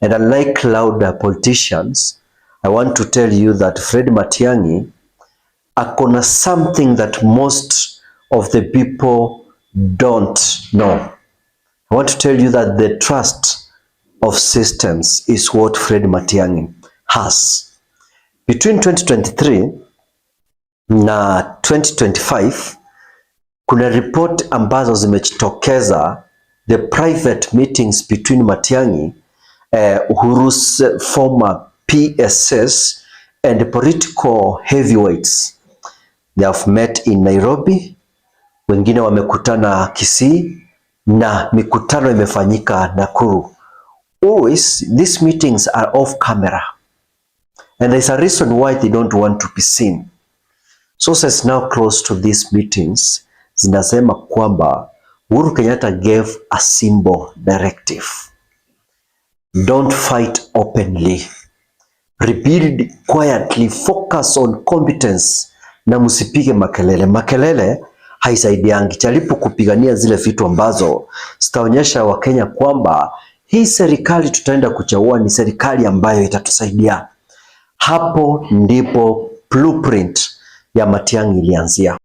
And unlike louder politicians, I want to tell you that Fred Matiang'i akona something that most of the people don't know. I want to tell you that the trust of systems is what Fred Matiang'i has. Between 2023 na 2025 kuna report ambazo zimejitokeza, the private meetings between Matiang'i uh, Uhuru's former PSS and political heavyweights. They have met in Nairobi, wengine wamekutana Kisii na mikutano imefanyika Nakuru. Always these meetings are off camera and there's a reason why they don't want to be seen. Sources now close to these meetings zinasema kwamba Uhuru Kenyatta gave a simple directive Don't fight openly. Rebuild quietly, focus on competence na msipige makelele. Makelele haisaidiangi, jaribu kupigania zile vitu ambazo zitaonyesha Wakenya kwamba hii serikali tutaenda kuchagua ni serikali ambayo itatusaidia. Hapo ndipo blueprint ya Matiang'i ilianzia.